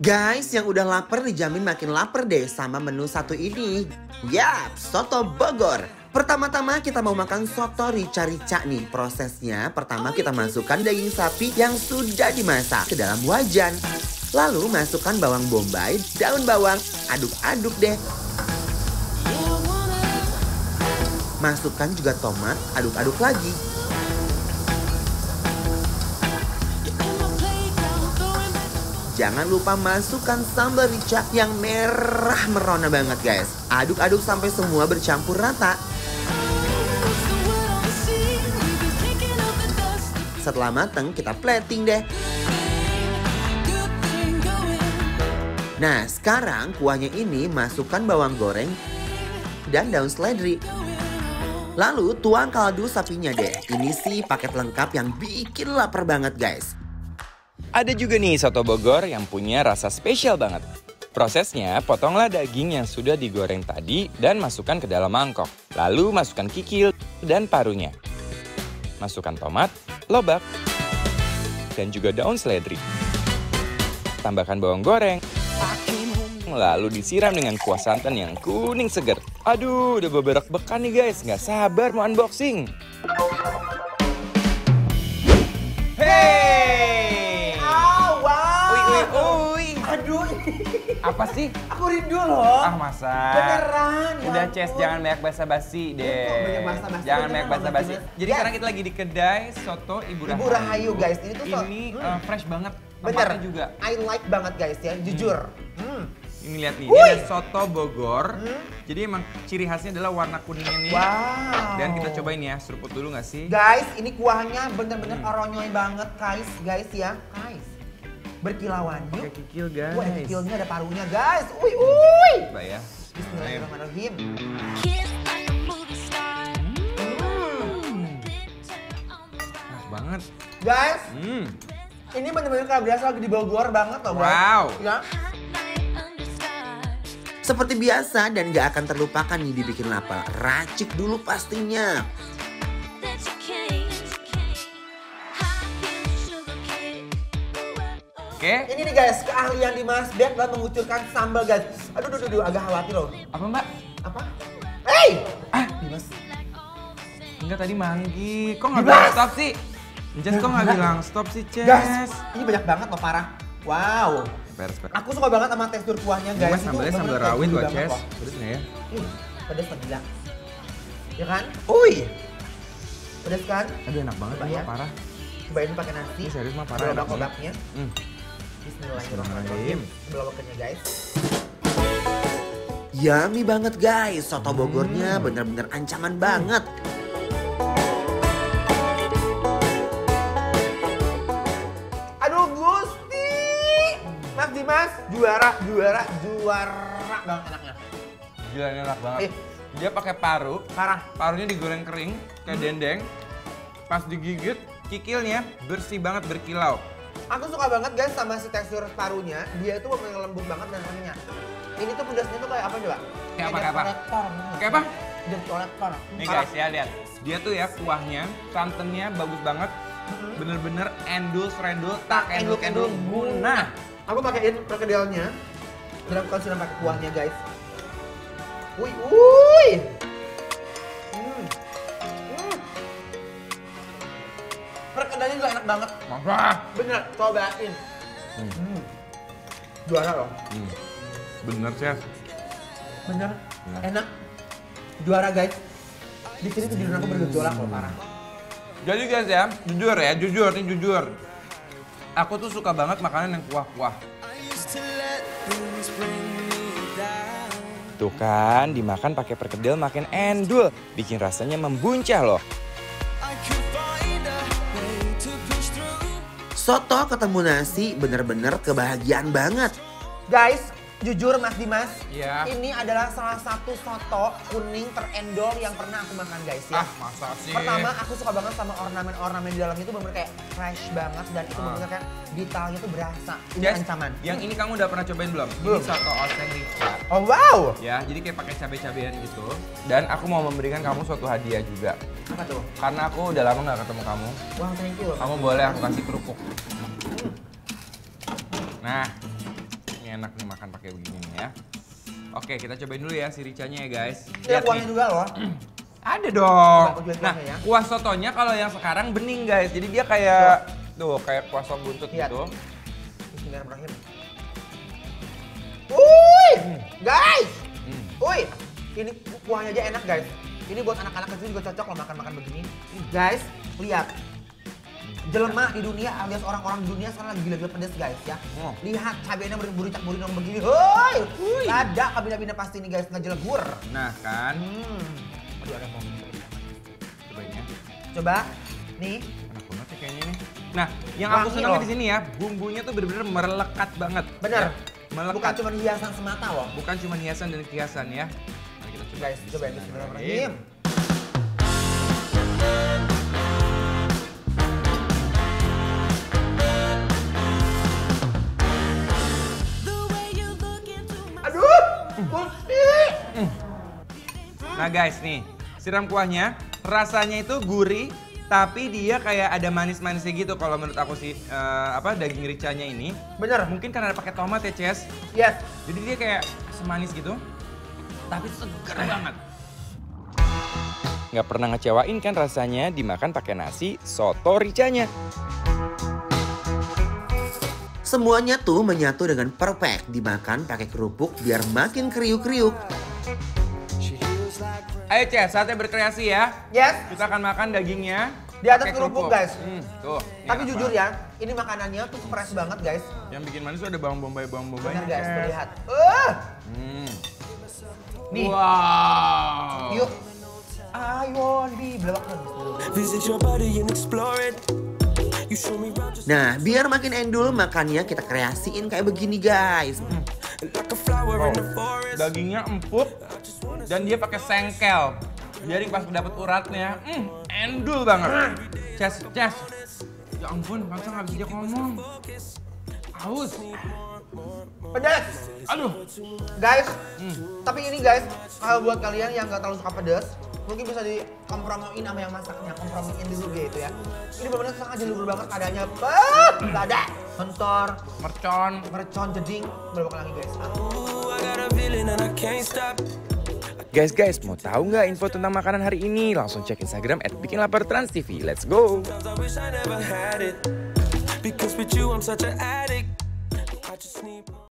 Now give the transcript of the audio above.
Guys, yang udah lapar dijamin makin lapar deh sama menu satu ini. Yap, soto Bogor. Pertama-tama kita mau makan soto rica-rica nih. Prosesnya, pertama oh, kita iya. masukkan daging sapi yang sudah dimasak ke dalam wajan. Lalu masukkan bawang bombay, daun bawang, aduk-aduk deh. Masukkan juga tomat, aduk-aduk lagi. Jangan lupa masukkan sambal rica yang merah merona banget guys. Aduk-aduk sampai semua bercampur rata. Setelah mateng, kita plating deh. Nah, sekarang kuahnya ini masukkan bawang goreng dan daun seledri. Lalu tuang kaldu sapinya deh. Ini sih paket lengkap yang bikin lapar banget guys. Ada juga nih soto Bogor yang punya rasa spesial banget. Prosesnya, potonglah daging yang sudah digoreng tadi dan masukkan ke dalam mangkok. Lalu masukkan kikil dan parunya. Masukkan tomat, lobak, dan juga daun seledri. Tambahkan bawang goreng. Lalu disiram dengan kuah santan yang kuning seger. Aduh, udah beberak bekan nih guys. Nggak sabar mau unboxing. Apa sih? Aku rindu loh. Ah masa. Beneran. Ya Udah Ces jangan banyak basa-basi deh. Oh, banyak basa-basi. Jangan banyak basa-basi. Jadi yes. Ya. sekarang kita lagi di kedai soto Ibu Rahayu. Ibu Rahayu guys, ini tuh so, ini uh, fresh banget. Bener. juga. I like banget guys ya, jujur. Hmm. hmm. Ini lihat nih, ini soto Bogor. Hmm. Jadi emang ciri khasnya adalah warna kuningnya nih. Wow. Dan kita cobain ya, seruput dulu nggak sih? Guys, ini kuahnya bener-bener hmm. oronyoy banget, guys, guys ya, guys berkilauan yuk. Pakai kikil guys. Wah, ada kikilnya, ada parunya guys. Ui, ui. Baik ya. Bismillahirrahmanirrahim. Hmm. Enak banget. Guys, hmm. ini bener-bener kayak berasa lagi di Bogor banget loh. Wow. Ya. Seperti biasa dan gak akan terlupakan nih dibikin lapar. Racik dulu pastinya. Oke. Ini nih guys, keahlian di Mas Ben dalam mengucurkan sambal guys. Aduh, aduh, aduh, agak khawatir loh. Apa mbak? Apa? Hei! Ah, Dimas. Enggak tadi manggi. Kok nggak bilang stop sih? Jess kok nggak bilang stop sih, Ces? Guys, ini banyak banget loh parah. Wow. Aku suka banget sama tekstur kuahnya guys. Mas sambalnya sambal rawit loh, Jess. nggak ya. Hmm, pedes gila. Ya kan? Uy. Pedes kan? Aduh enak banget, Coba ya. parah. Cobain pakai nasi. Ini serius mah parah. Ada kodaknya. Hmm. Bismillahirrahmanirrahim. Beloknya guys. Yummy banget guys, soto Bogornya hmm. bener-bener ancaman hmm. banget. Aduh Gusti, Mas Dimas juara, juara, juara banget enaknya. Gila enak banget. Eh. Dia pakai paru, parah. Parunya digoreng kering kayak hmm. dendeng. Pas digigit, kikilnya bersih banget berkilau Aku suka banget guys sama si tekstur parunya. Dia itu memang lembut banget dan renyah. Ini tuh pedasnya tuh kayak apa coba? Kayak apa? Kayak apa? Kayak apa? parah. Ini Nih guys ya lihat. Dia tuh ya kuahnya, santannya bagus banget. Mm-hmm. Bener-bener endul serendul tak endul endul guna. Nah, aku pakaiin perkedelnya. Tidak bukan sudah pakai kuahnya guys. Wuih, wuih. kedainya juga enak banget. Masa? Bener, cobain. Hmm. hmm. Juara loh. Hmm. Bener, Chef. Bener, ya. enak. Juara, guys. Di sini tuh jujur aku bergejolak loh, parah. Jadi guys ya, jujur ya, jujur, ini jujur. Aku tuh suka banget makanan yang kuah-kuah. Tuh kan, dimakan pakai perkedel makin endul, bikin rasanya membuncah loh. Soto ketemu nasi bener-bener kebahagiaan banget. Guys, jujur Mas Dimas, yeah. ini adalah salah satu soto kuning terendol yang pernah aku makan guys ya. Ah, masa sih? Pertama, aku suka banget sama ornamen-ornamen di dalamnya itu bener-bener kayak fresh banget dan itu ah. bener-bener kayak detailnya tuh berasa. Ini yes. ancaman. Yang ini kamu udah pernah cobain belum? Belum. Ini soto oseng Oh wow! Ya, jadi kayak pakai cabai-cabean gitu. Dan aku mau memberikan kamu suatu hadiah juga. Apa tuh? Karena aku udah lama gak ketemu kamu. Wah, thank you. Kamu boleh aku kasih kerupuk. Nah, ini enak nih makan pakai begini nih ya. Oke, kita cobain dulu ya si ricanya ya guys. Lihat ya, kuahnya juga loh. Ada dong. Nah, ya. kuah sotonya kalau yang sekarang bening guys. Jadi dia kayak tuh, kayak kuah sop buntut Lihat. gitu. Bismillahirrahmanirrahim. Hmm. guys. Hmm. ini kuahnya aja enak guys. Ini buat anak-anak kecil juga cocok loh makan-makan begini. Guys, lihat. Jelma di dunia alias orang-orang dunia sekarang lagi gila-gila pedes guys ya. Oh. Lihat cabenya berburucak dong begini. Hoi! Ada kabinda-binda pasti ini guys jelegur. Nah kan. Hmm. Aduh ada mau Coba ini ya. Coba. Nih. Enak banget sih kayaknya ini. Nah, yang aku senang di sini ya, bumbunya tuh bener-bener merelekat banget. Bener. Ya, melekat. Bukan cuma hiasan semata loh. Bukan cuma hiasan dan kiasan ya guys. Coba ya, bismillahirrahmanirrahim. Aduh, Nah guys nih, siram kuahnya. Rasanya itu gurih, tapi dia kayak ada manis-manisnya gitu kalau menurut aku sih uh, apa daging ricanya ini. Bener. Mungkin karena pakai tomat ya, Ces. Yes. Jadi dia kayak semanis gitu tapi seger banget. Nggak pernah ngecewain kan rasanya dimakan pakai nasi soto ricanya. Semuanya tuh menyatu dengan perfect dimakan pakai kerupuk biar makin kriuk-kriuk. Ayo Cez, saatnya berkreasi ya. Yes. Kita akan makan dagingnya. Di atas kerupuk, kerupuk guys. Hmm, tuh. Tapi apa? jujur ya, ini makanannya tuh fresh banget guys. Yang bikin manis tuh ada bawang bombay, bawang bombay. Benar guys, terlihat. Uh. Hmm. Nih. Wow. Yuk. I want belok Visit your body and explore it. Nah, biar makin endul makannya kita kreasiin kayak begini guys. Wow. Oh, dagingnya empuk dan dia pakai sengkel. Jadi pas dapat uratnya, mm, endul banget. Cess, cess, Ya ampun, bangsa nggak bisa dia ngomong. Aus pedas aduh guys hmm. tapi ini guys kalau buat kalian yang nggak terlalu suka pedas mungkin bisa dikompromiin sama yang masaknya kompromiin dulu gitu ya ini benar-benar sangat jenuh banget adanya pep nggak ada Mentor, mercon mercon jeding berapa lagi guys Guys, guys, mau tahu nggak info tentang makanan hari ini? Langsung cek Instagram at Bikin Lapar Trans TV. Let's go!